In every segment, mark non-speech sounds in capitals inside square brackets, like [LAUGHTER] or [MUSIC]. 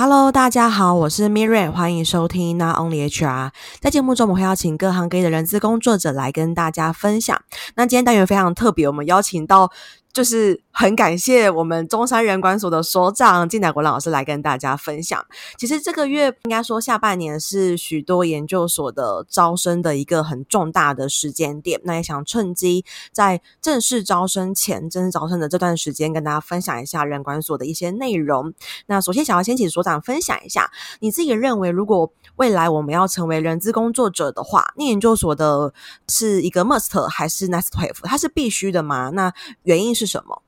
Hello，大家好，我是 Miriam，歡迎收聽《Not Only HR》。在節目中，我們會邀請各行各業的人資工作者來跟大家分享。那今天單元非常特別，我們邀請到，就是很感謝我們中山人管所的所長紀乃文老師來跟大家分享。其實這個月應該說下半年是許多研究所的招生的一個很重大的時間點，那也想趁機在正式招生前，正式招生的這段時間跟大家分享一下人管所的一些內容。那首先想要先請所長分享一下，你自己認為如果未來我們要成為人資工作者的話，念研究所的是一個 must 還是 nice to have？它是必須的嗎？那原因是？是什麼？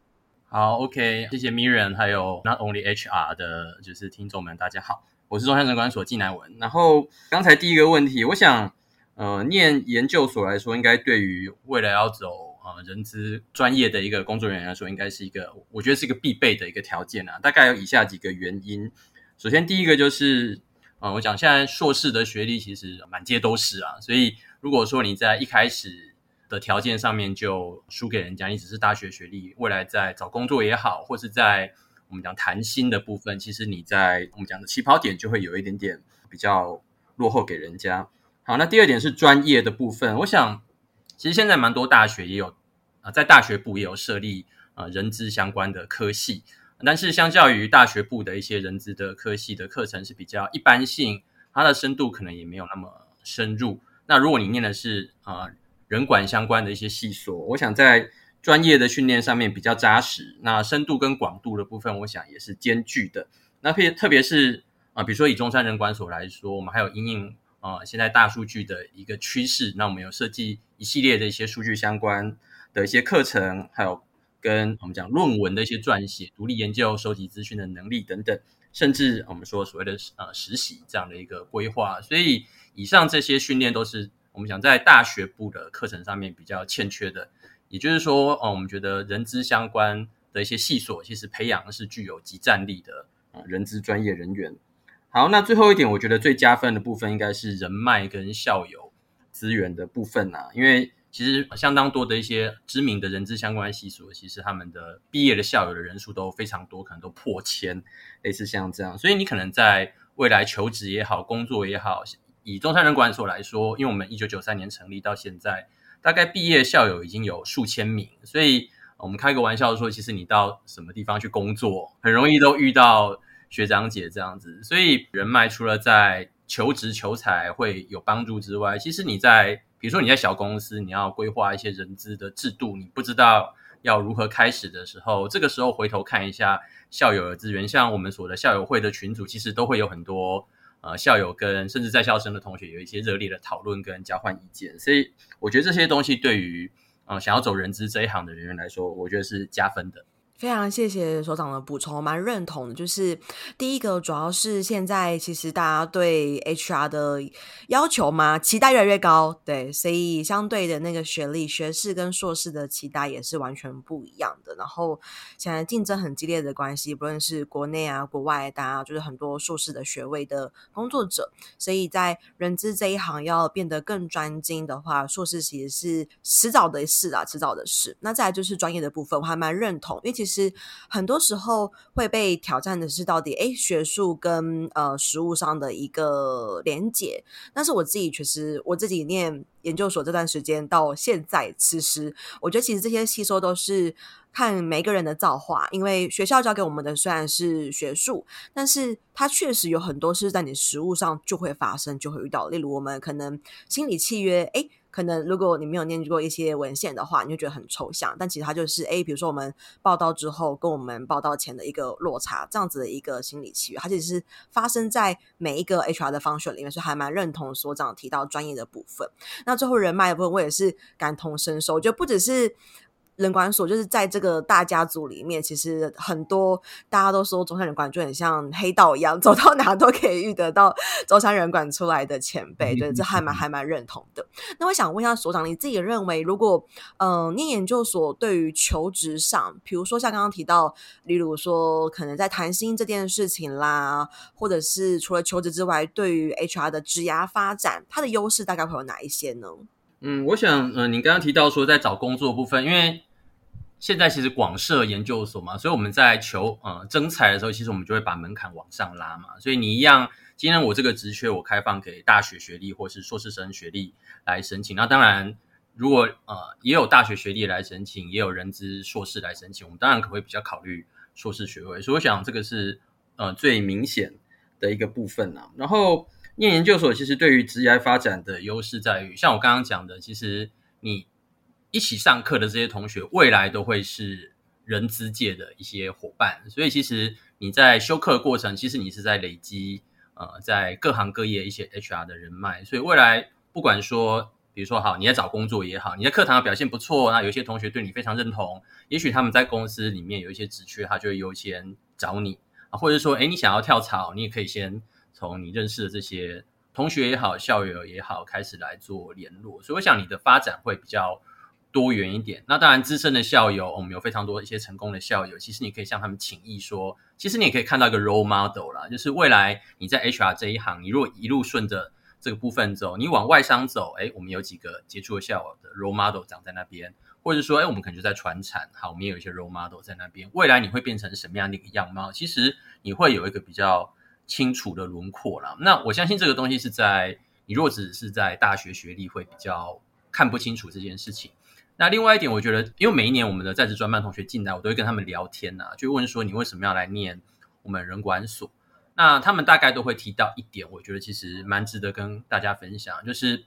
好，OK，謝謝 Miriam 還有 Not Only HR 的、就是聽眾們，大家好，我是中山人管所紀乃文。然後剛才第一個問題。我想，呃，念研究所來說，應該對於未來要走呃人資專業的一個工作人員來說，應該是一個，我覺得是一個必備的一個條件啊。大概有以下幾個原因。首先，第一個就是，呃我講現在碩士的學歷其實滿街都是啊，所以如果說你在一開始，的條件上面就輸給人家，你只是大學學歷，未來在找工作也好，或是在我們講談薪的部分，其實你在我們講的起跑點就會有一點點比較落後給人家。好，那第二點是專業的部分，我想其實現在蠻多大學也有啊、呃，在大學部也有設立啊、呃、人資相關的科系，但是相較於大學部的一些人資的科系的課程是比較一般性，它的深度可能也沒有那麼深入。那如果你念的是啊。呃人管相關的一些系所，我想在專業的訓練上面比較扎實。那深度跟廣度的部分，我想也是兼具的。那特別特別是啊、呃，比如說以中山人管所來說，我們還有因應用啊、呃，現在大數據的一個趨勢，那我們有設計一系列的一些數據相關的一些課程，還有跟我們講論文的一些撰寫、獨立研究、收集資訊的能力等等，甚至我們說所謂的呃實習這樣的一個規劃。所以以上這些訓練都是。我們想在大學部的課程上面比較欠缺的，也就是說，哦、嗯，我們覺得人資相關的一些系所，其實培養的是具有即戰力的啊、嗯、人資專業人員。好，那最後一點，我覺得最加分的部分應該是人脈跟校友資源的部分啊，因為其實相當多的一些知名的人資相關系所，其實他們的畢業的校友的人數都非常多，可能都破千，類似像這樣，所以你可能在未來求職也好，工作也好，以中山人管所來說，因為我們一九九三年成立到現在，大概畢業校友已經有數千名，所以我們開個玩笑說，其實你到什麼地方去工作，很容易都遇到學長姐這樣子。所以人脈除了在求職求才會有幫助之外，其實你在比如說你在小公司，你要規劃一些人資的制度，你不知道要如何開始的時候，這個時候回頭看一下校友的資源，像我們所的校友會的群組，其實都會有很多。呃，校友跟甚至在校生的同學有一些熱烈的討論跟交換意見，所以我覺得這些東西對於呃想要走人資這一行的人員來說，我覺得是加分的。非常謝謝所長的補充，我蠻認同的。就是第一個，主要是現在其實大家對 HR 的要求嘛，期待越來越高。對，所以相對的那個學歷，學士跟碩士的期待也是完全不一樣的。然後現在競爭很激烈的關係，不論是國內啊、國外、啊，大家就是很多碩士的學位的工作者。所以在人資這一行要變得更專精的話，碩士其實是遲早的事啊，遲早的事。那再來就是專業的部分，我還蠻認同，因為其實。是，其實很多時候會被挑戰的是到底，哎，學術跟呃實務上的一個連接。但是我自己，確實我自己念研究所這段時間到現在，其實我覺得其實這些吸收都是看每個人的造化。因為學校教給我們的雖然是學術，但是它確實有很多是在你實務上就會發生，就會遇到。例如我們可能心理契約，哎。可能如果你沒有念過一些文獻的話，你就覺得很抽象。但其實它就是，哎、欸，比如說我們報到之後跟我們報到前的一個落差，這樣子的一個心理契約，它其實是發生在每一個 HR 的 function 裡面，是還蠻認同所長提到專業的部分。那最後人脈的部分，我也是感同身受，就不只是。人管所，就是在這個大家族裡面，其實很多大家都說中山人管就很像黑道一樣，走到哪都可以遇得到中山人管出來的前輩。對，這還蠻還蠻認同的。那我想問一下所長，你自己認為，如果嗯、呃、念研究所對於求職上，比如說像剛剛提到，例如說可能在談薪這件事情啦，或者是除了求職之外，對於 H R 的職涯發展，它的優勢大概會有哪一些呢？嗯，我想嗯、呃，你剛剛提到說在找工作部分，因為現在其實廣設研究所嘛，所以我們在求呃徵才的時候，其實我們就會把門檻往上拉嘛。所以你一樣，今天我這個職缺我開放給大學學歷或是碩士生學歷來申請。那當然，如果呃也有大學學歷來申請，也有人資碩士來申請，我們當然可會比較考慮碩士學位。所以我想這個是呃最明顯的一個部分啊。然後念研究所其實對於職業發展的優勢在於，像我剛剛講的，其實你。一起上課的這些同學，未來都會是人資界的一些夥伴。所以，其實你在修課的過程，其實你是在累積，呃，在各行各業一些 HR 的人脈。所以，未來不管說，比如說好，你在找工作也好，你在課堂表現不錯，那有些同學對你非常認同，也許他們在公司裡面有一些職缺，他就會優先找你啊。或者說，哎，你想要跳槽，你也可以先從你認識的這些同學也好，校友也好，開始來做聯絡。所以，我想你的發展會比較多元一點，那當然資深的校友，我們有非常多一些成功的校友，其實你可以向他們請益說，其實你也可以看到一個 role model 啦，就是未來你在 HR 這一行，你若一路順着這個部分走，你往外商走，哎，我們有幾個傑出的校友的 role model 長在那邊，或者說，哎，我們可能就在傳產，好，我們也有一些 role model 在那邊，未來你會變成什麼樣的一個樣貌？其實你會有一個比較清楚的輪廓啦，那我相信這個東西是在你若只是在大學學歷會比較看不清楚這件事情。那另外一點，我覺得，因為每一年我們的在職專班同學進來，我都會跟他們聊天吶、啊，就問說你為什麼要來念我們人管所？那他們大概都會提到一點，我覺得其實蠻值得跟大家分享，就是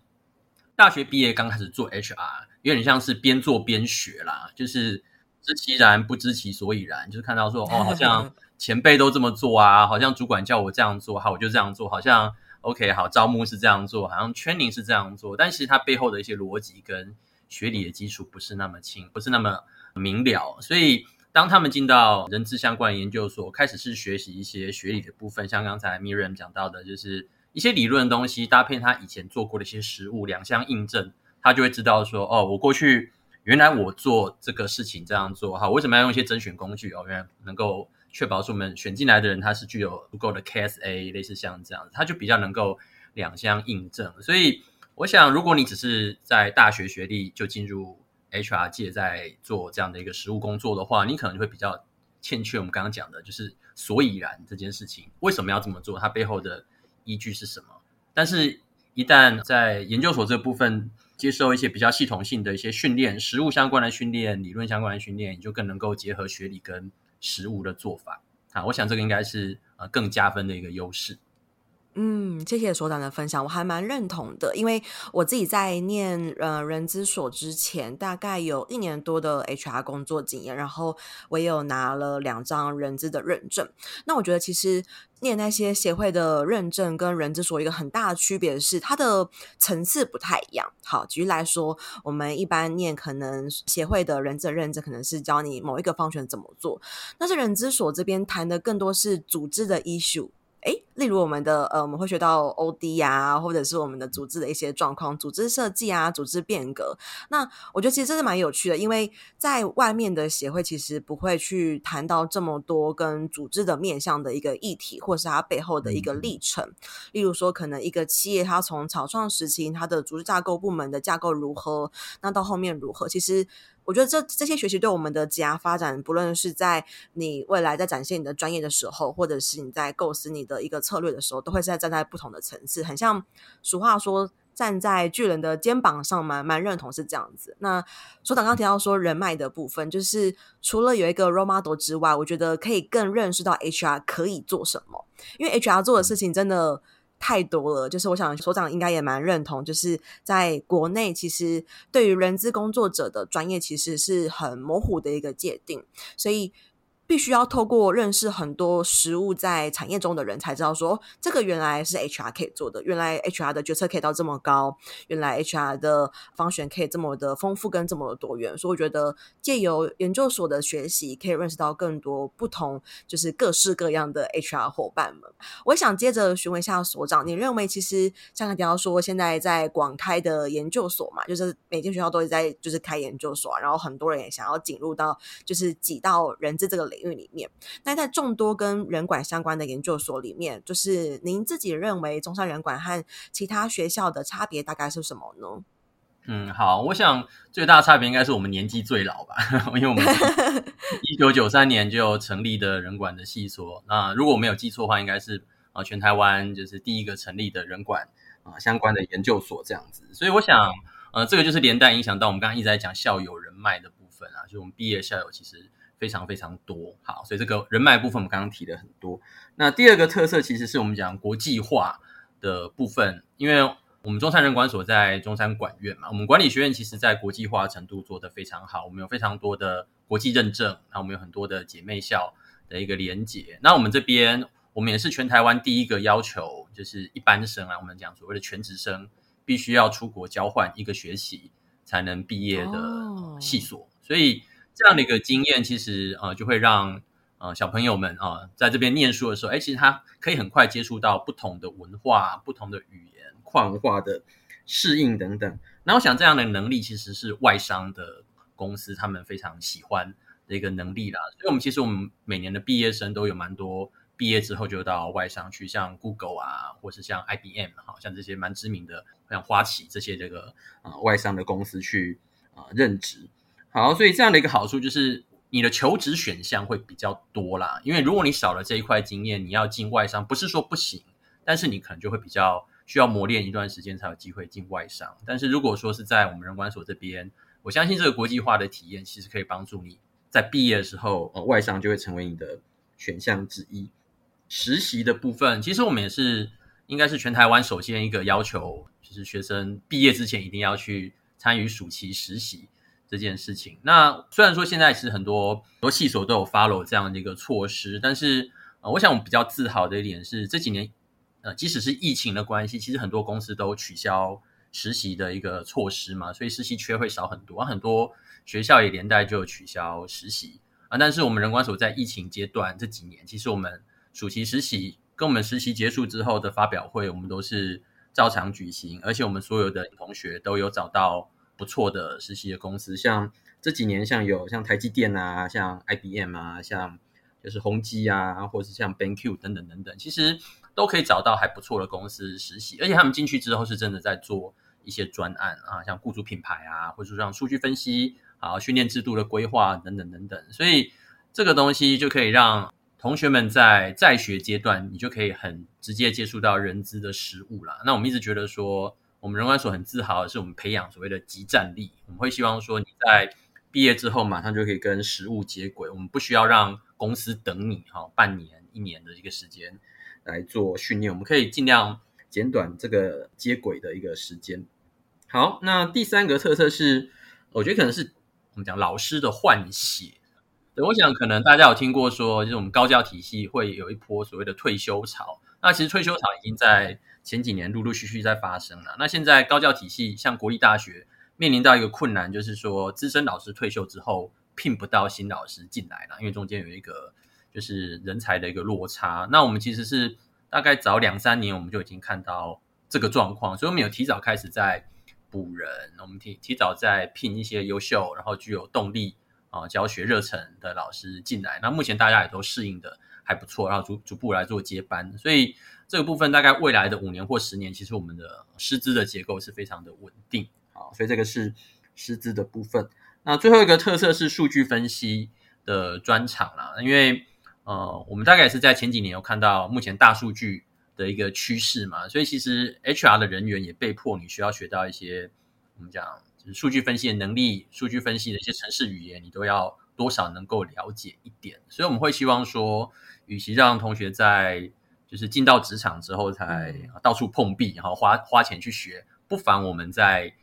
大學畢業剛開始做 HR，有點像是邊做邊學啦，就是知其然不知其所以然，就是看到說哦，好像前輩都這麼做啊，好像主管叫我這樣做，好我就這樣做，好像 OK 好招募是這樣做，好像圈 r 是這樣做，但是它背後的一些邏輯跟學理的基礎不是那麼清，不是那麼明了所以當他們進到人資相關研究所，開始是學習一些學理的部分，像剛才 Miriam 講到的，就是一些理論的東西，搭配他以前做過的一些實務，兩相印證，他就會知道說，哦，我過去原來我做這個事情這樣做，哈，為什麼要用一些甄選工具？哦，原來能夠確保說我們選進來的人他是具有足夠的 KSA，類似像這樣子，他就比較能夠兩相印證，所以。我想，如果你只是在大學學歷就進入 HR 界，在做這樣的一個實務工作的話，你可能就會比較欠缺我們剛剛講的，就是所以然這件事情為什麼要這麼做，它背後的依據是什麼。但是，一旦在研究所這部分接受一些比較系統性的一些訓練，實務相關的訓練、理論相關的訓練，你就更能夠結合學理跟實務的做法。啊，我想這個應該是呃更加分的一個優勢。嗯，謝謝所長的分享，我還蠻認同的，因為我自己在念呃人資所之前，大概有一年多的 HR 工作經驗，然後我也有拿了兩張人資的認證。那我覺得其實念那些協會的認證跟人資所一個很大的區別是，它的層次不太一樣。好，舉例來說，我們一般念可能協會的人資的認證，可能是教你某一個方向怎麼做，但是人資所這邊談的更多是組織的 issue。欸，例如我們的呃，我們會學到 OD 呀、啊，或者是我們的組織的一些狀況、組織設計啊、組織變革。那我覺得其實這是蠻有趣的，因為在外面的協會其實不會去談到這麼多跟組織的面向的一個議題，或是它背後的一個歷程。嗯、例如說，可能一個企業它從草創時期，它的組織架構、部門的架構如何，那到後面如何，其實。我覺得這這些學習對我們的職業發展，不論是在你未來在展現你的專業的時候，或者是你在構思你的一個策略的時候，都會是在站在不同的層次。很像俗話說“站在巨人的肩膀上”蠻，蠻蠻認同是這樣子。那所長剛提到說人脈的部分，就是除了有一個 role model 之外，我覺得可以更認識到 HR 可以做什麼，因為 HR 做的事情真的。太多了，就是我想所長應該也蠻認同，就是在國內，其實對於人資工作者的專業，其實是很模糊的一個界定，所以。必須要透過認識很多實務在產業中的人，才知道說這個原來是 HR 可以做的，原來 HR 的決策可以到這麼高，原來 HR 的 function 可以這麼的豐富跟這麼的多元。所以我覺得借由研究所的學習，可以認識到更多不同，就是各式各樣的 HR 夥伴們。我想接着詢問一下所長，你認為其實像你剛剛說，現在在廣開的研究所嘛，就是每間學校都是在就是開研究所，啊，然後很多人也想要進入到就是擠到人資這個。領域裡面，那在眾多跟人管相關的研究所裡面，就是您自己認為中山人管和其他學校的差別大概是什麼呢？嗯，好，我想最大的差別應該是我們年紀最老吧， [LAUGHS] 因為我們一九九三年就成立的人管的系所， [LAUGHS] 那如果我沒有記錯的話，應該是啊全台灣就是第一個成立的人管啊相關的研究所這樣子，所以我想，呃，這個就是連帶影響到我們剛剛一直在講校友人脈的部分啊，就是、我們畢業的校友其實。非常非常多，好，所以這個人脈部分我們剛剛提的很多。那第二個特色其實是我們講國際化的部分，因為我們中山人管所在中山管院嘛，我們管理學院其實在國際化程度做得非常好，我們有非常多的國際認證，然後我們有很多的姐妹校的一個連結。那我們這邊我們也是全台灣第一個要求，就是一般生啊，我們講所謂的全職生，必須要出國交換一個學期才能畢業的系所，所以。這樣的一個經驗，其實啊、呃，就會讓啊、呃、小朋友們啊、呃，在這邊唸書的時候，哎，其實他可以很快接觸到不同的文化、不同的語言、跨文化的適應等等。那我想，這樣的能力其實是外商的公司他們非常喜歡的一個能力啦。所以我們其實我們每年的畢業生都有蠻多，畢業之後就到外商去，像 Google 啊，或是像 IBM，好、啊、像這些蠻知名的，像花旗這些這個呃外商的公司去啊、呃、任職。好，所以這樣的一個好處就是你的求職選項會比較多啦。因為如果你少了這一塊經驗，你要進外商不是說不行，但是你可能就會比較需要磨練一段時間才有機會進外商。但是如果說是在我們人管所這邊，我相信這個國際化的體驗其實可以幫助你在畢業的時候，呃，外商就會成為你的選項之一。實習的部分，其實我們也是應該是全台灣首先一個要求，就是學生畢業之前一定要去參與暑期實習。這件事情，那雖然說現在是很多很多系所都有 follow 這樣的一個措施，但是、呃、我想我們比較自豪的一點是，這幾年呃，即使是疫情的關係，其實很多公司都取消實習的一個措施嘛，所以實習缺會少很多，啊、很多學校也連帶就有取消實習啊。但是我們人管所在疫情階段這幾年，其實我們暑期實習跟我們實習結束之後的發表會，我們都是照常舉行，而且我們所有的同學都有找到。不錯的實習的公司，像這幾年像有像台積電啊，像 IBM 啊，像就是宏基啊，或者像 BenQ 等等等等，其實都可以找到還不錯的公司實習，而且他們進去之後是真的在做一些專案啊，像雇主品牌啊，或者說讓數據分析啊，訓練制度的規劃等等等等，所以這個東西就可以讓同學們在在學階段，你就可以很直接接觸到人資的實務啦。那我們一直覺得說。我們人管所很自豪的是，我們培養所謂的即戰力。我們會希望說，你在畢業之後馬上就可以跟實務接軌。我們不需要讓公司等你哈、哦，半年、一年的一個時間來做訓練，我們可以盡量減短這個接軌的一個時間。好，那第三個特色是，我覺得可能是我們講老師的換血。對，我想可能大家有聽過說，就是我們高教體系會有一波所謂的退休潮。那其實退休潮已經在。前幾年陸陸續續在發生了，那現在高教體系像國立大學面臨到一個困難，就是說資深老師退休之後聘不到新老師進來了，因為中間有一個就是人才的一個落差。那我們其實是大概早兩三年我們就已經看到這個狀況，所以我們有提早開始在補人，我們提提早在聘一些優秀然後具有動力啊、呃、教學熱忱的老師進來。那目前大家也都適應的。還不錯，然後逐逐步來做接班，所以這個部分大概未來的五年或十年，其實我們的師資的結構是非常的穩定啊，所以這個是師資的部分。那最後一個特色是數據分析的專場啦，因為呃，我們大概也是在前幾年有看到目前大數據的一個趨勢嘛，所以其實 HR 的人員也被迫你需要學到一些我們講就是數據分析的能力，數據分析的一些程式語言，你都要。多少能夠了解一點，所以我們會希望說，與其讓同學在就是進到職場之後才到處碰壁，然後花花錢去學，不妨我們在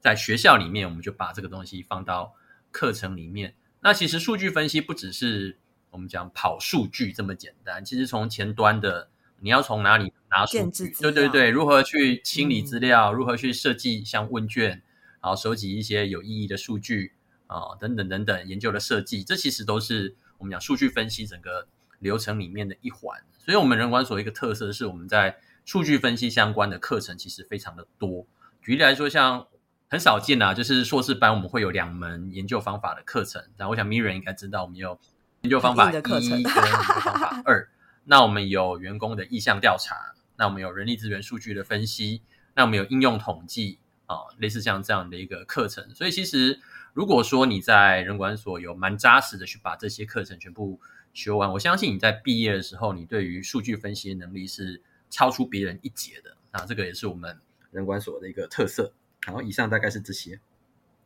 在學校裡面，我們就把這個東西放到課程裡面。那其實數據分析不只是我們講跑數據這麼簡單，其實從前端的，你要從哪裡拿數據？對對對，如何去清理資料？如何去設計像問卷，然後收集一些有意義的數據。啊、哦，等等等等，研究的設計，這其實都是我們講數據分析整個流程裡面的一環。所以，我們人管所一個特色是，我們在數據分析相關的課程其實非常的多。舉例來說，像很少見吶、啊，就是碩士班我們會有兩門研究方法的課程。那我想 Miriam 應該知道，我們有研究方法一的課程跟我們的方法二。 [LAUGHS] 那我們有員工的意向調查，那我們有人力資源數據的分析，那我們有應用統計啊、哦，類似像這樣的一個課程。所以，其實。如果說你在人管所有蠻扎實的去把這些課程全部學完，我相信你在畢業的時候，你對於數據分析的能力是超出別人一截的。那這個也是我們人管所的一個特色。然後以上大概是這些，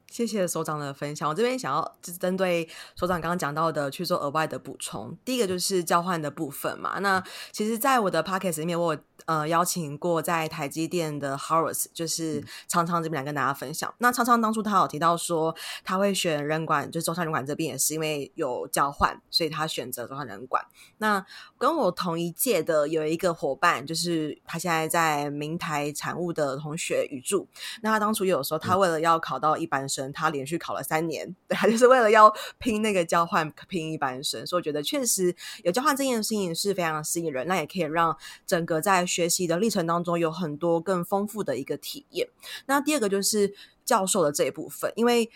謝謝所長的分享。我這邊想要針對所長剛剛講到的去做額外的補充。第一個就是交換的部分嘛，那其實，在我的 Podcast 裡面，我呃，邀請過在台積電的 Horace，就是昌昌這邊來跟大家分享。嗯、那昌昌當初他有提到說，他會選人管，就是、中山人管這邊也是因為有交換，所以他選擇中山人管。那跟我同一屆的有一個夥伴，就是他現在在明台產物的同學宇柱。那他當初也有說，他為了要考到一般生，嗯、他連續考了三年，他就是為了要拼那個交換，拼一般生。所以我覺得確實有交換這件事情是非常吸引人，那也可以讓整個在。學習的歷程當中有很多更豐富的一個體驗。那第二個就是教授的這一部分，因為。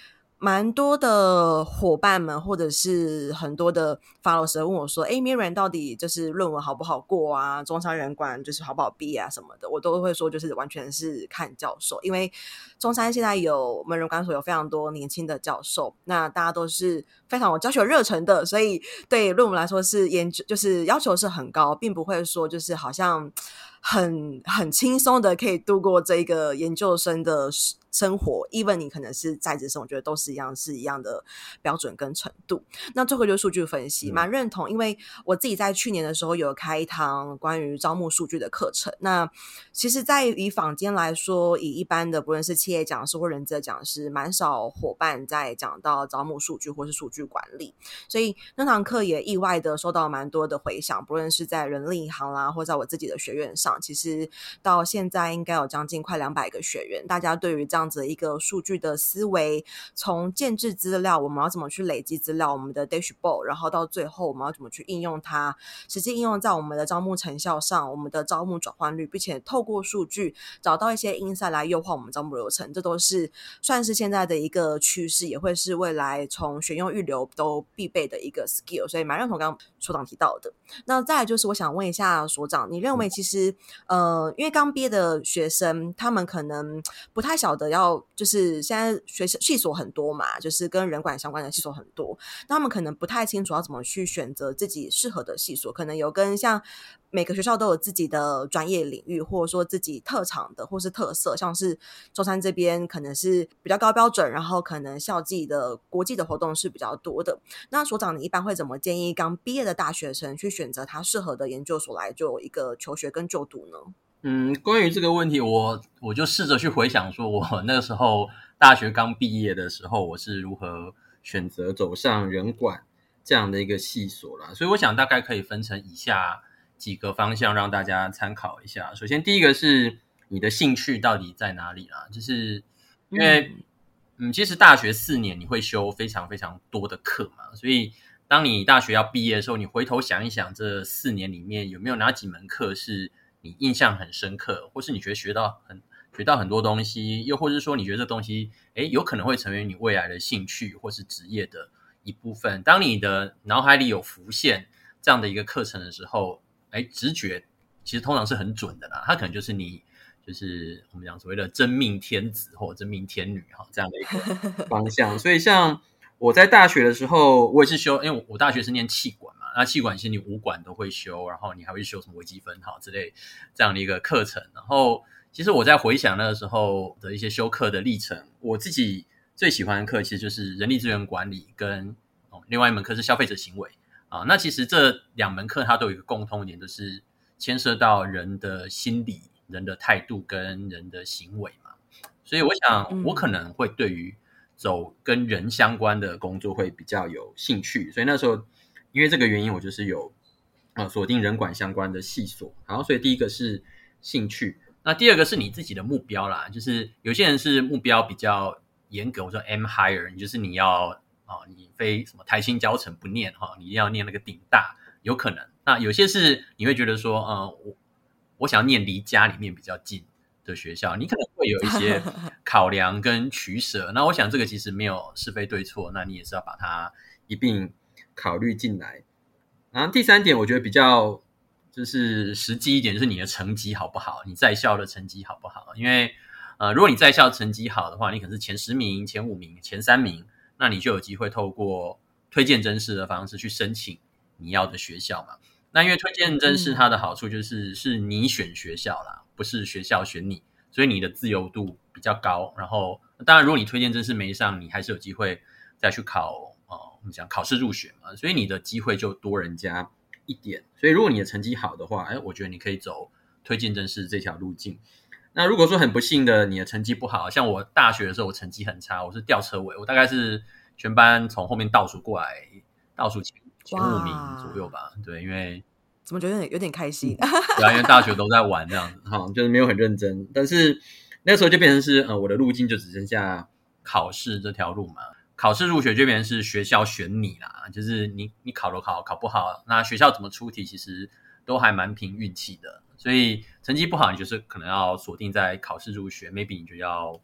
蠻多的夥伴們，或者是很多的 follower 問我說：“哎，Miriam 到底就是論文好不好過啊？中山人管就是好不好畢業啊什麼的？”我都會說，就是完全是看教授，因為中山現在有文人管所有非常多年輕的教授，那大家都是非常有教學熱忱的，所以對論文來說是研究就是要求是很高，並不會說就是好像。很很輕鬆的可以度過這個研究生的生活、嗯、，even 你可能是在職生，我覺得都是一樣是一樣的標準跟程度。那最後就是數據分析，蠻認同，因為我自己在去年的時候有開一堂關於招募數據的課程。那其實，在以坊間來說，以一般的不論是企業講師或人資的講師，蠻少夥伴在講到招募數據或是數據管理，所以那堂課也意外的收到蠻多的回響，不論是在人力銀行啦、啊，或在我自己的學院上。其實到現在應該有將近快兩百個學員，大家對於這樣子一個數據的思維，從建制資料，我們要怎麼去累積資料，我們的 dashboard，然後到最後我們要怎麼去應用它，實際應用在我們的招募成效上，我們的招募轉換率，並且透過數據找到一些 insight 來優化我們招募流程，這都是算是現在的一個趨勢，也會是未來從選用預留都必備的一個 skill，所以蠻認同剛剛所長提到的。那再來就是我想問一下所長，你認為其實？呃，因為剛畢業的學生，他們可能不太曉得要，就是現在學生系所很多嘛，就是跟人管相關的系所很多，那他們可能不太清楚要怎麼去選擇自己適合的系所，可能有跟像。每個學校都有自己的專業領域，或者說自己特長的，或是特色，像是中山這邊可能是比較高標準，然後可能校際的國際的活動是比較多的。那所長，你一般會怎麼建議剛畢業的大學生去選擇他適合的研究所來做一個求學跟就讀呢？嗯，關於這個問題，我我就試着去回想說，說我那個時候大學剛畢業的時候，我是如何選擇走上人管這樣的一個系所了。所以，我想大概可以分成以下。幾個方向讓大家參考一下。首先，第一個是你的興趣到底在哪裡啊？就是因為嗯，嗯，其實大學四年你會修非常非常多的課嘛，所以當你大學要畢業的時候，你回頭想一想，這四年裡面有沒有哪幾門課是你印象很深刻，或是你覺得學到很學到很多東西，又或是說你覺得這東西，哎，有可能會成為你未來的興趣或是職業的一部分。當你的腦海裡有浮現這樣的一個課程的時候，哎，直覺其實通常是很準的啦。他可能就是你，就是我們講所謂的真命天子或真命天女哈，這樣的一個方向。 [LAUGHS] 所以像我在大學的時候，我也是修，因為我大學是念企管嘛，那企管其實你五管都會修，然後你還會修什麼微積分哈之類這樣的一個課程。然後其實我在回想那個時候的一些修課的歷程，我自己最喜歡的課其實就是人力資源管理跟，跟、哦、另外一門課是消費者行為。啊，那其實這兩門課它都有一個共通點，就是牽涉到人的心理、人的態度跟人的行為嘛。所以我想，我可能會對於走跟人相關的工作會比較有興趣。所以那時候，因為這個原因，我就是有啊鎖定人管相關的系所。然後所以第一個是興趣，那第二個是你自己的目標啦，就是有些人是目標比較嚴格，我說 aim higher，你就是你要。你非什麼台清交成不念哈？你一定要念那個頂大，有可能。那有些是你會覺得說，呃，我我想要念離家裡面比較近的學校，你可能會有一些考量跟取捨。那我想這個其實沒有是非對錯，那你也是要把它一併考慮進來。然後第三點，我覺得比較就是實際一點，就是你的成績好不好？你在校的成績好不好？因為呃，如果你在校成績好的話，你可能是前十名、前五名、前三名。那你就有機會透過推薦甄試的方式去申請你要的學校嘛。那因為推薦甄試它的好處就是，嗯、是你選學校啦，不是學校選你，所以你的自由度比較高。然後當然，如果你推薦甄試沒上，你還是有機會再去考，呃，我們講考試入學嘛，所以你的機會就多人家一點。所以如果你的成績好的話，哎，我覺得你可以走推薦甄試這條路徑。那如果說很不幸的，你的成績不好，像我大學的時候，我成績很差，我是吊車尾，我大概是全班從後面倒數過來，倒數前前五名左右吧。哇對，因為怎麼覺得有點開心？對啊、嗯， [LAUGHS] 因為大學都在玩這樣子哈，就是沒有很認真。但是那時候就變成是，呃，我的路徑就只剩下考試這條路嘛。考試入學就變成是學校選你啦，就是你你考都考考不好，那學校怎麼出題？其實。都還蠻憑運氣的，所以成績不好，你就是可能要鎖定在考試入學，maybe 你就要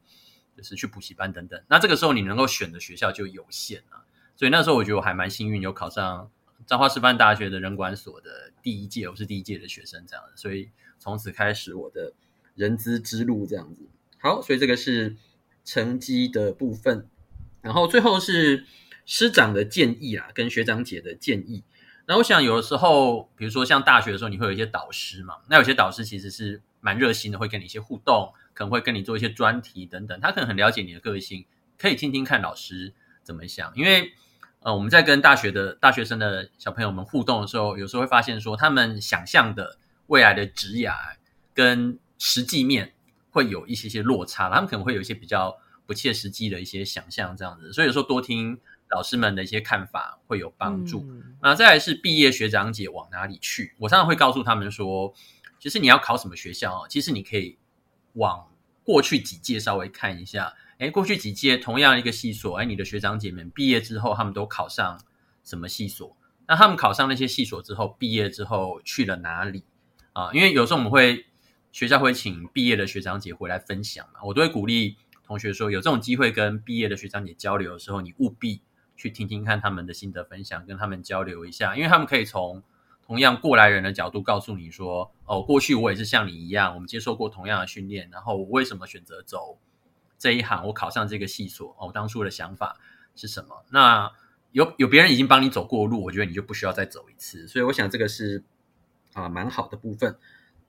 就是去補習班等等。那這個時候你能夠選的學校就有限了。所以那時候我覺得我還蠻幸運，有考上彰化師範大學的人管所的第一屆，我是第一屆的學生這樣。所以從此開始我的人資之路這樣子。好，所以這個是成績的部分，然後最後是師長的建議啊，跟學長姐的建議。那我想有的時候，比如說像大學的時候，你會有一些導師嘛，那有些導師其實是蠻熱心的，會跟你一些互動，可能會跟你做一些專題等等。他可能很了解你的個性，可以聽聽看老師怎麼想。因為呃，我們在跟大學的大學生的小朋友們互動的時候，有時候會發現說，他們想象的未來的職業跟實際面會有一些些落差，他們可能會有一些比較不切實際的一些想象這樣子。所以有時候多聽老師們的一些看法會有幫助。嗯、那再來是畢業學長姐往哪裡去？我常常會告訴他們說，其實你要考什麼學校啊，其實你可以往過去幾屆稍微看一下。哎，過去幾屆同樣一個系所，哎，你的學長姐們畢業之後他們都考上什麼系所？那他們考上那些系所之後，畢業之後去了哪裡啊？因為有時候我們會學校會請畢業的學長姐回來分享嘛，我都會鼓勵同學說，有這種機會跟畢業的學長姐交流的時候，你務必。去聽聽看他們的心得分享，跟他們交流一下，因為他們可以從同樣過來人的角度告訴你說：“哦，過去我也是像你一樣，我們接受過同樣的訓練，然後我為什麼選擇走這一行？我考上這個系所，哦，我當初的想法是什麼？”那有有別人已經幫你走過路，我覺得你就不需要再走一次。所以我想這個是啊蠻好的部分。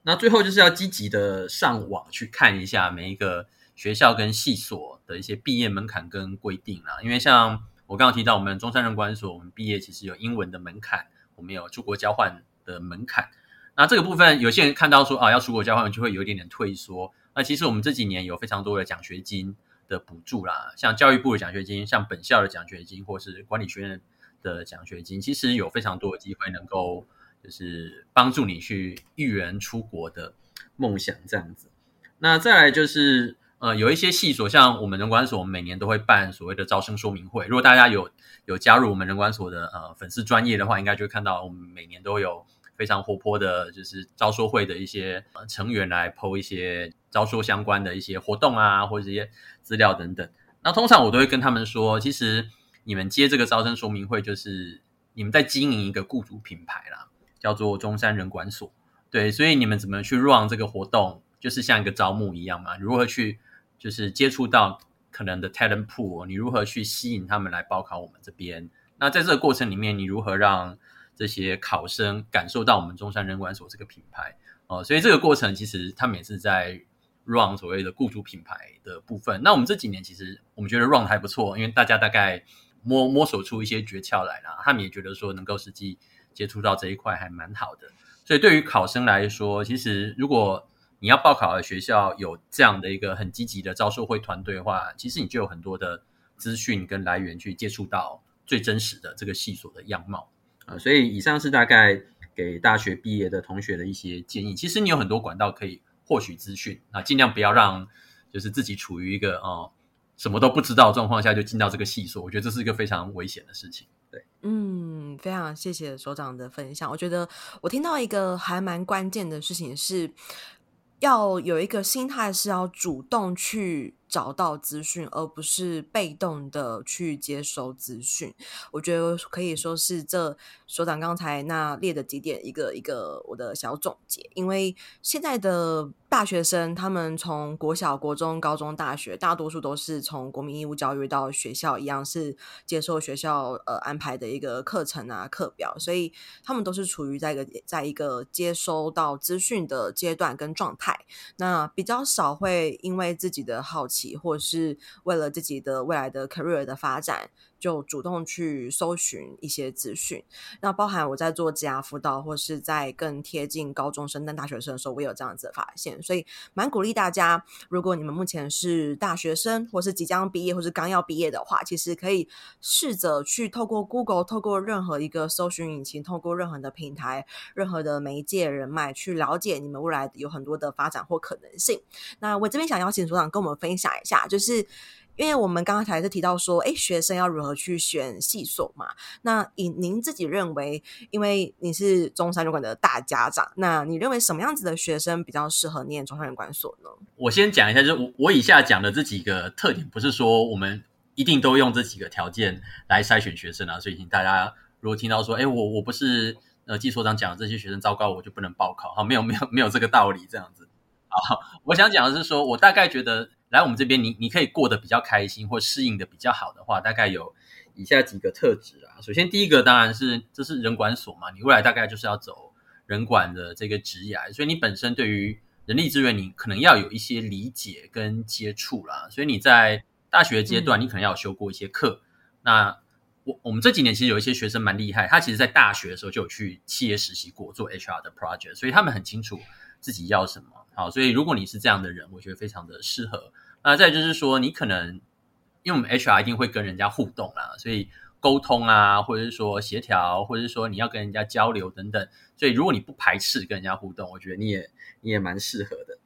那最後就是要積極的上網去看一下每一個學校跟系所的一些畢業門檻跟規定啦、啊，因為像。我剛剛提到，我們中山人管所，我們畢業其實有英文的門檻，我們有出國交換的門檻。那這個部分，有些人看到說啊，要出國交換，就會有一點點退縮。那其實我們這幾年有非常多的獎學金的補助啦，像教育部的獎學金，像本校的獎學金，或是管理學院的獎學金，其實有非常多的機會能夠就是幫助你去一圓出國的夢想這樣子。那再來就是。呃，有一些系所，像我們人管所，每年都會辦所謂的招生說明會。如果大家有有加入我們人管所的呃粉絲專頁的話，應該就會看到我們每年都有非常活潑的，就是招說會的一些、呃、成員來 po 一些招說相關的一些活動啊，或者一些資料等等。那通常我都會跟他們說，其實你們接這個招生說明會，就是你們在經營一個雇主品牌啦，叫做中山人管所。對，所以你們怎麼去 run 這個活動，就是像一個招募一樣嘛，如何去就是接觸到可能的 talent pool，你如何去吸引他們來報考我們這邊？那在這個過程裡面，你如何讓這些考生感受到我們中山人管所這個品牌？哦，所以這個過程其實他們也是在 run 所謂的雇主品牌的部分。那我們這幾年其實我們覺得 run 還不錯，因為大家大概摸，摸索出一些訣竅來啦，他們也覺得說能夠實際接觸到這一塊還蠻好的。所以對於考生來說，其實如果你要報考的學校有這樣的一個很積極的招收會團隊的話，其實你就有很多的資訊跟來源去接觸到最真實的這個系所的樣貌啊、呃。所以以上是大概給大學畢業的同學的一些建議。其實你有很多管道可以獲取資訊，啊，盡量不要讓就是自己處於一個哦、呃、什麼都不知道的狀況下就進到這個系所。我覺得這是一個非常危險的事情。對，嗯，非常謝謝所長的分享。我覺得我聽到一個還蠻關鍵的事情是。要有一個心態，是要主動去找到資訊，而不是被動的去接收資訊。我覺得可以說是這所長剛才那列的幾點，一個一個我的小總結。因為現在的大學生，他們從國小、國中、高中、大學，大多數都是從國民義務教育到學校一樣，是接受學校呃安排的一個課程啊課表，所以他們都是處於在一個在一個接收到資訊的階段跟狀態。那比較少會因為自己的好奇。或是為了自己的未來的 career 的發展，就主動去搜尋一些資訊，那包含我在做家輔導，或是在更貼近高中生、但大學生的時候，我有這樣子的發現，所以蠻鼓勵大家，如果你們目前是大學生，或是即將畢業，或是剛要畢業的話，其實可以試着去透過 Google，透過任何一個搜尋引擎，透過任何的平台、任何的媒介、人脈去了解你們未來有很多的發展或可能性。那我這邊想邀請所長跟我們分享一下，就是。因為我們剛剛才是提到說，哎，學生要如何去選系所嘛？那以您自己認為，因為你是中山人管的大家長，那你認為什麼樣子的學生比較適合念中山旅管所呢？我先講一下，就我我以下講的這幾個特點，不是說我們一定都用這幾個條件來篩選學生啊。所以請大家如果聽到說，哎，我我不是呃紀所長講的這些學生糟糕，我就不能報考，好，沒有沒有沒有這個道理，這樣子。好，我想講的是說，我大概覺得來我們這邊你，你你可以過得比較開心，或適應的比較好的話，大概有以下幾個特質啊。首先，第一個當然是這是人管所嘛，你未來大概就是要走人管的這個職業，所以你本身對於人力資源，你可能要有一些理解跟接觸啦。所以你在大學階段，你可能要有修過一些課。嗯、那我我們這幾年其實有一些學生蠻厲害，他其實在大學的時候就有去企業實習過，做 HR 的 project，所以他們很清楚自己要什麼。好，所以如果你是這樣的人，我覺得非常的適合。那再就是說，你可能因為我們 HR 一定會跟人家互動啦，所以溝通啊，或者是說協調，或者是說你要跟人家交流等等，所以如果你不排斥跟人家互動，我覺得你也你也蠻適合的。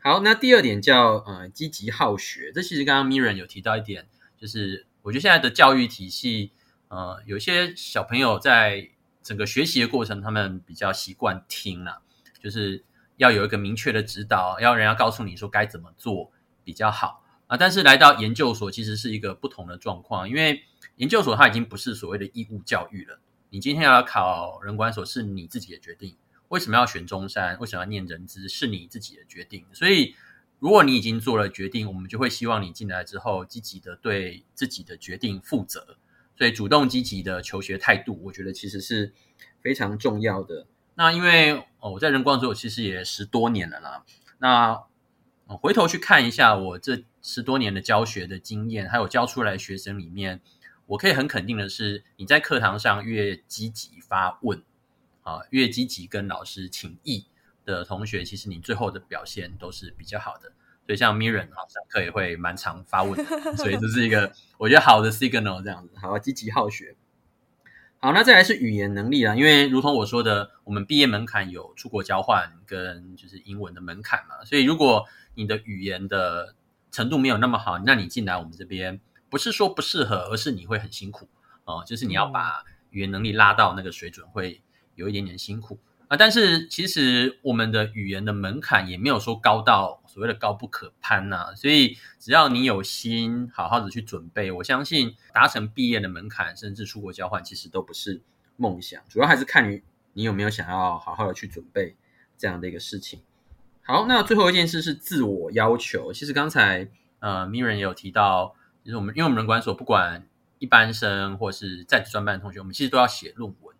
好，那第二點叫呃積極好學，這其實剛剛 Miriam 有提到一點，就是我覺得現在的教育體系呃有些小朋友在整個學習的過程，他們比較習慣聽啦，就是。要有一個明確的指導，要人要告訴你說該怎麼做比較好啊。但是來到研究所其實是一個不同的狀況，因為研究所它已經不是所謂的義務教育了。你今天要考人管所是你自己的決定，為什麼要選中山，為什麼要念人資，是你自己的決定。所以如果你已經做了決定，我們就會希望你進來之後積極的對自己的決定負責，所以主動積極的求學態度，我覺得其實是非常重要的。那因為我在人管的時候其實也十多年了啦。那回頭去看一下我這十多年的教學的經驗，還有教出來學生裡面，我可以很肯定的是，你在課堂上越積極發問啊，越積極跟老師請益的同學，其實你最後的表現都是比較好的。所以像 Miriam 好上課也會蠻常發問， [LAUGHS] 所以這是一個我覺得好的 signal，這樣子，好，積極好學。好，那再來是語言能力啦，因為如同我說的，我們畢業門檻有出國交換跟就是英文的門檻嘛，所以如果你的語言的程度沒有那麼好，那你進來我們這邊不是說不適合，而是你會很辛苦哦，就是你要把語言能力拉到那個水準，會有一點點辛苦。啊！但是其實我們的語言的門檻也沒有說高到所謂的高不可攀吶、啊，所以只要你有心，好好的去準備，我相信達成畢業的門檻，甚至出國交換，其實都不是夢想。主要還是看你你有沒有想要好好的去準備這樣的一個事情。好，那最後一件事是自我要求。其實剛才呃 Miriam 也有提到，就是我們因為我們人管所不管一般生或是在職專班的同學，我們其實都要寫論文，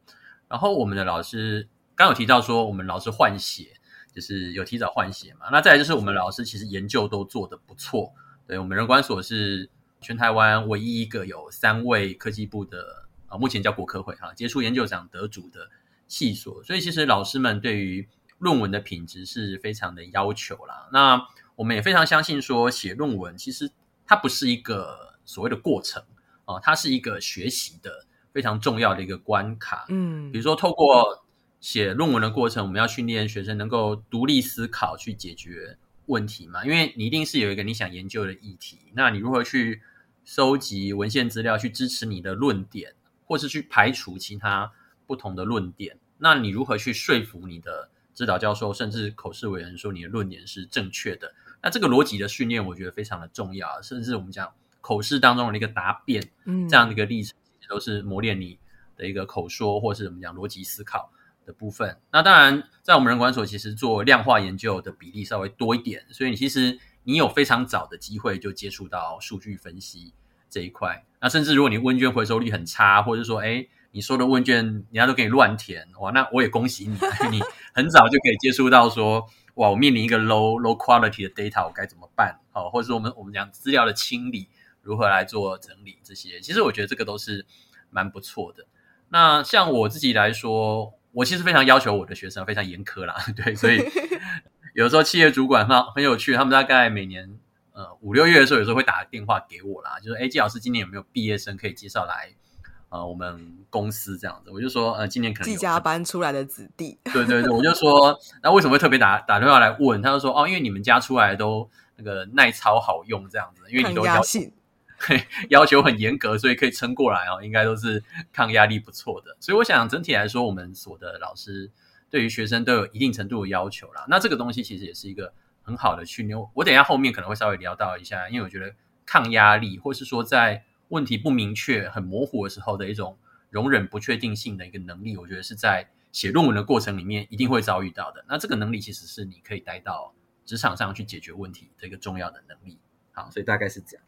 然後我們的老師。剛剛有提到說，我們老師換血，就是有提早換血嘛？那再來就是我們老師其實研究都做得不錯，對我們人管所是全台灣唯一一個有三位科技部的啊，目前叫國科會哈傑出研究獎得主的系所，所以其實老師們對於論文的品質是非常的要求啦。那我們也非常相信說，寫論文其實它不是一個所謂的過程啊，它是一個學習的非常重要的一個關卡。嗯，比如說透過寫論文的過程，我們要訓練學生能夠獨立思考去解決問題嘛？因為你一定是有一個你想研究的議題，那你如何去收集文獻資料去支持你的論點，或是去排除其他不同的論點？那你如何去說服你的指導教授，甚至口試委員說你的論點是正確的？那這個邏輯的訓練，我覺得非常的重要。甚至我們講口試當中的一個答辯，嗯、這樣的一個歷程，都是磨練你的一個口說，或是我們講邏輯思考。的部分，那當然，在我們人管所其實做量化研究的比例稍微多一點，所以你其實你有非常早的機會就接觸到數據分析這一塊。那甚至如果你問卷回收率很差，或者說哎，你說的問卷人家都給你亂填，哇，那我也恭喜你， [LAUGHS] 你很早就可以接觸到說，哇，我面臨一個 low low quality 的 data，我該怎麼辦？好、哦，或者說我們我們講資料的清理如何來做整理這些，其實我覺得這個都是蠻不錯的。那像我自己來說，我其實非常要求我的學生，非常嚴苛啦，對，所以有時候企業主管嘛，很有趣， [LAUGHS] 他們大概每年呃五六月的時候，有時候會打電話給我啦，就是、說：“ A 季老師，今年有沒有畢業生可以介紹來、呃、我們公司這樣子？”我就說：“呃，今年可能。”季家班出來的子弟。 [LAUGHS] 對對對，我就說，那為什麼會特別打打電話來問？他就說：“哦，因為你們家出來都那個耐操好用這樣子，因為你都比較。” [LAUGHS] 要求很嚴格，所以可以撐過來哦。應該都是抗壓力不錯的，所以我想整體來說，我們所的老師對於學生都有一定程度的要求啦。那這個東西其實也是一個很好的去，我等一下後面可能會稍微聊到一下，因為我覺得抗壓力，或是說在問題不明確、很模糊的時候的一種容忍不確定性的一個能力，我覺得是在寫論文的過程裡面一定會遭遇到的。那這個能力其實是你可以帶到職場上去解決問題的一個重要的能力。好，所以大概是這樣。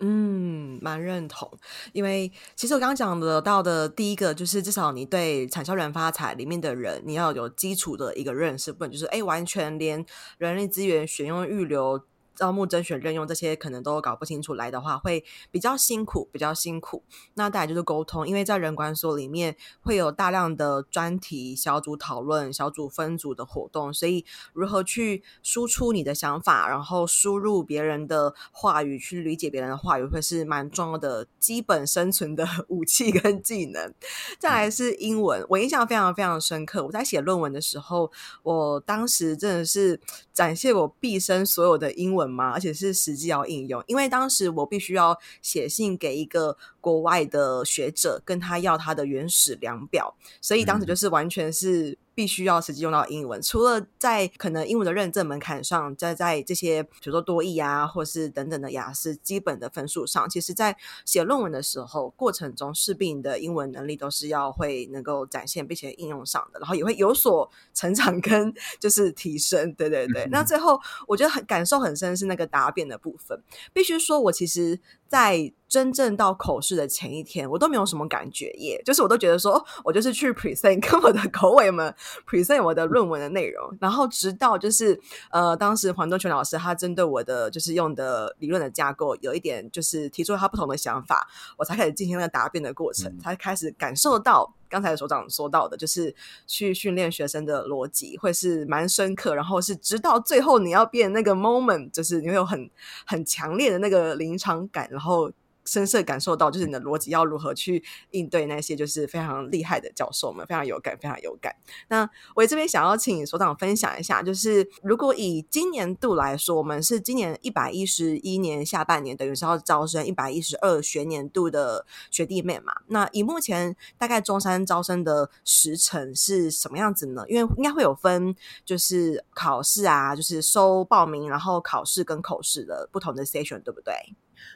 嗯，蠻認同，因為其實我剛剛講得到的第一個，就是至少你對產銷人發財裡面的人，你要有基礎的一個認識，不能就是哎，完全連人力資源選用育留。招募、甄選、任用這些可能都搞不清楚來的話，會比較辛苦，比較辛苦。那大家就是溝通，因為在人管所裡面會有大量的專題小組討論、小組分組的活動，所以如何去輸出你的想法，然後輸入別人的話語，去理解別人的話語，會是蠻重要的基本生存的武器跟技能。再來是英文，嗯、我印象非常非常深刻。我在寫論文的時候，我當時真的是。展現我畢生所有的英文嗎？而且是實際要應用，因為當時我必須要寫信給一個。國外的學者跟他要他的原始量表，所以當時就是完全是必須要實際用到英文。嗯、除了在可能英文的認證門檻上，在在這些比如說多益啊，或是等等的雅思基本的分數上，其實在寫論文的時候過程中，勢必你的英文能力都是要會能夠展現並且應用上的，然後也會有所成長跟就是提升。對對對，嗯、那最後我覺得很感受很深是那個答辯的部分，必須說我其實。在真正到口試的前一天，我都沒有什麼感覺耶，就是我都覺得說我就是去 present 跟我的口委們 present 我的論文的內容，然後直到就是呃，當時黃東泉老師他針對我的就是用的理論的架構有一點就是提出了他不同的想法，我才開始進行那個答辯的過程，嗯、才開始感受到。剛才所長說到的，就是去訓練學生的邏輯，會是蠻深刻，然後是直到最後你要變那個 moment，就是你會有很很強烈的那個臨場感，然後。深深感受到，就是你的邏輯要如何去應對那些就是非常厲害的教授們，非常有感，非常有感。那我這邊想要請所長分享一下，就是如果以今年度來說，我們是今年一百一十一年下半年等於是要招生一百一十二學年度的學弟妹嘛？那以目前大概中山招生的時程是什麼樣子呢？因為應該會有分，就是考試啊，就是收報名，然後考試跟口試的不同的 session，對不對？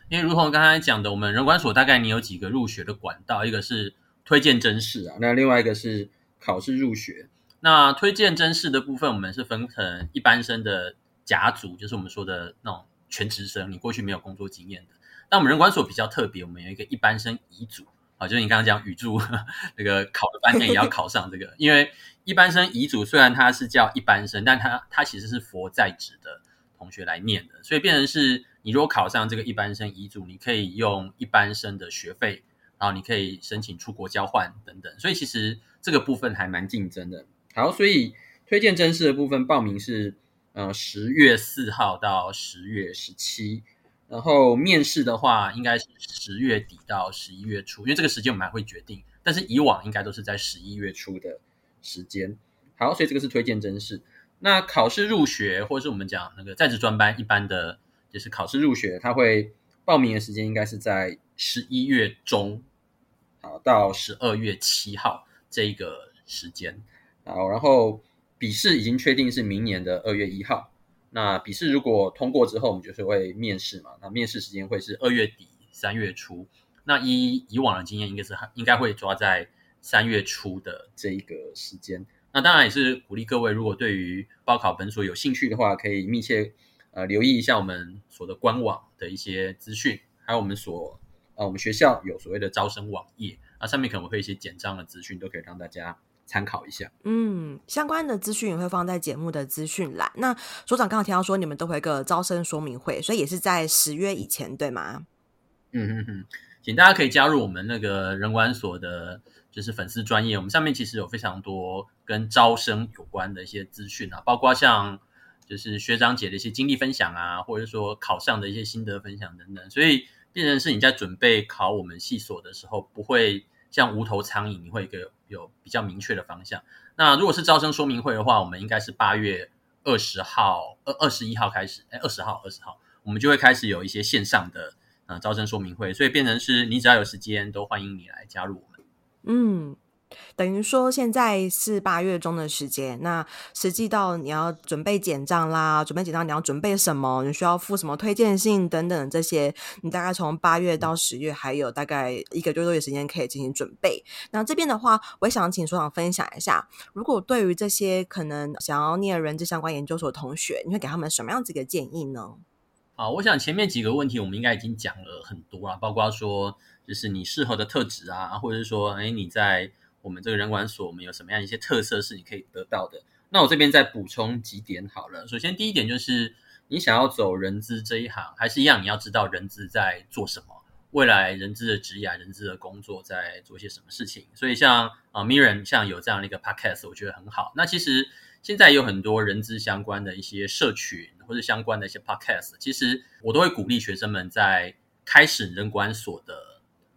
因為如同剛才講的，我們人管所大概你有幾個入學的管道，一個是推薦甄試啊，那另外一個是考試入學。那推薦甄試的部分，我們是分成一般生的甲組，就是我們說的那種全職生，你過去沒有工作經驗的。那我們人管所比較特別，我們有一個一般生乙組啊，就是你剛剛講宇助那、這個考的班念也要考上這個， [LAUGHS] 因為一般生乙組雖然它是叫一般生，但它其實是 for 在職的同學來念的，所以變成是。你如果考上這個一般生遺囑，你可以用一般生的學費，然後你可以申請出國交換等等，所以其實這個部分還蠻競爭的。好，所以推薦甄試的部分報名是呃十月四號到十月十七，然後面試的話應該是十月底到十一月初，因為這個時間我們還會決定，但是以往應該都是在十一月初的時間。好，所以這個是推薦甄試。那考試入學或者是我們講那個在職專班一般的。就是考試入學，它會報名的時間應該是在十一月中，好，到十二月七號這個時間，好，然後筆試已經確定是明年的二月一號。那筆試如果通過之後，我們就是會面試嘛，那面試時間會是二月底三月初。那依以、以往的經驗應該是應該會抓在三月初的這一個時間。那當然也是鼓勵各位，如果對於報考本所有興趣的話，可以密切，呃，留意一下我們所的官網的一些資訊，還有我們所呃，我們學校有所謂的招生網頁，那上面可能會有一些簡章的資訊，都可以讓大家參考一下。嗯，相關的資訊也會放在節目的資訊欄。那所長剛剛提到說，你們都會個招生說明會，所以也是在十月以前，對嗎？嗯嗯嗯，請大家可以加入我們那個人管所的，就是粉絲專業，我們上面其實有非常多跟招生有關的一些資訊啊，包括像。就是學長姐的一些經歷分享啊，或者說考上的一些心得分享等等，所以變成是你在準備考我們系所的時候，不會像無頭蒼蠅，你會有一個有比較明確的方向。那如果是招生說明會的話，我們應該是八月二十號、二二十一號開始，哎，二十號、二十號，我們就會開始有一些線上的呃招生說明會，所以變成是你只要有時間都歡迎你來加入我們。嗯。等於說現在是八月中的時間，那實際到你要準備簡章啦，準備簡章你要準備什麼？你需要附什麼推薦信等等這些，你大概從八月到十月還有大概一個多月時間可以進行準備。那這邊的話，我也想請所長分享一下，如果對於這些可能想要念人資相關研究所同學，你會給他們什麼樣子的建議呢？好、啊，我想前面幾個問題我們應該已經講了很多了，包括說就是你適合的特質啊，或者是說誒你在。我們這個人管所，我們有什麼樣一些特色是你可以得到的？那我這邊再補充幾點好了。首先，第一點就是你想要走人資這一行，還是一樣，你要知道人資在做什麼，未來人資的職涯、人資的工作在做些什麼事情。所以，像啊 Miriam 像有這樣的一個 Podcast，我覺得很好。那其實現在有很多人資相關的一些社群或者相關的一些 Podcast，其實我都會鼓勵學生們在開始人管所的，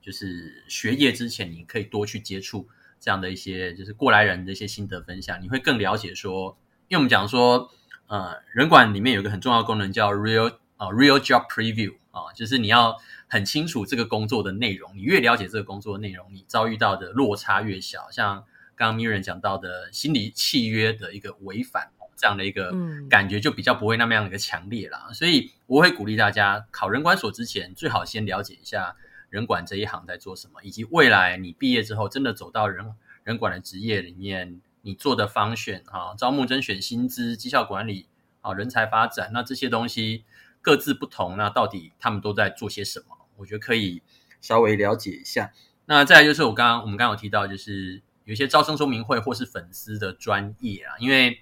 就是學業之前，你可以多去接觸。這樣的一些就是過來人的一些心得分享，你會更了解說，因為我們講說，呃，人管裡面有一個很重要的功能叫 real 啊 real job preview 啊，就是你要很清楚這個工作的內容，你越了解這個工作的內容，你遭遇到的落差越小。像剛剛 Miriam 講到的心理契約的一個違反，哦，這樣的一個感覺就比較不會那麼樣的一個強烈啦。嗯，所以我會鼓勵大家考人管所之前，最好先了解一下。人管這一行在做什麼，以及未來你畢業之後真的走到人人管的職業裡面，你做的方向啊、招募甄選薪資、薪資績效管理啊、人才發展，那這些東西各自不同，那到底他們都在做些什麼？我覺得可以稍微了解一下。那再來就是我剛剛我們剛剛有提到，就是有些招生說明會或是粉絲的專業啊，因為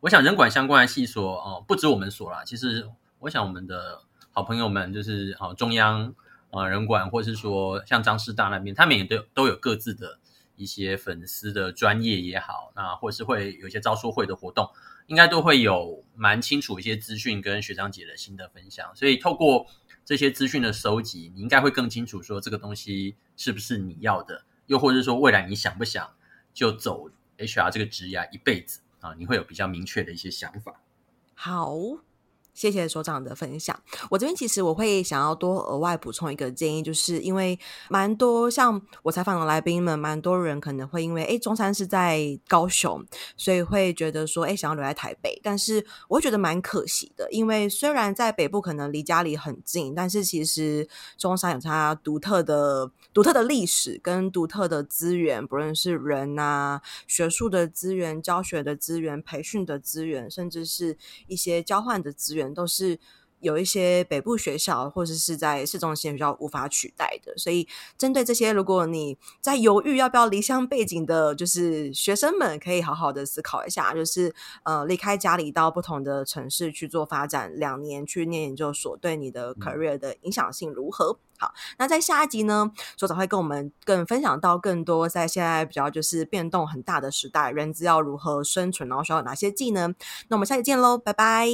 我想人管相關的系所哦、啊，不止我們所啦。其實我想我們的好朋友們就是好、啊、中央。啊，人管，或是說像張師大那邊，他們也都都有各自的一些粉絲的專業也好，那或是會有一些招說會的活動，應該都會有蠻清楚一些資訊跟學長姐的心得分享。所以透過這些資訊的收集，你應該會更清楚說這個東西是不是你要的，又或者說未來你想不想就走 HR 這個職業一輩子啊，你會有比較明確的一些想法。好。謝謝所長的分享。我這邊其實我會想要多額外補充一個建議，就是因為蠻多像我採訪的來賓們，蠻多人可能會因為哎，中山是在高雄，所以會覺得說哎，想要留在台北。但是我會覺得蠻可惜的，因為雖然在北部可能離家裡很近，但是其實中山有它獨特的、獨特的歷史跟獨特的資源，不論是人吶、啊、學術的資源、教學的資源、培訓的資源，甚至是一些交換的資源。都是，有一些北部學校或者是在市中心學校無法取代的，所以針對這些，如果你在猶豫要不要離鄉背井的，就是學生們可以好好的思考一下，就是呃離開家裡到不同的城市去做發展，兩年去念研究所，對你的 career 的影響性如何？好，那在下一集呢，所長會跟我們更分享到更多在現在比較就是變動很大的時代，人資要如何生存，然後需要有哪些技能？那我們下一集見嘍，拜拜。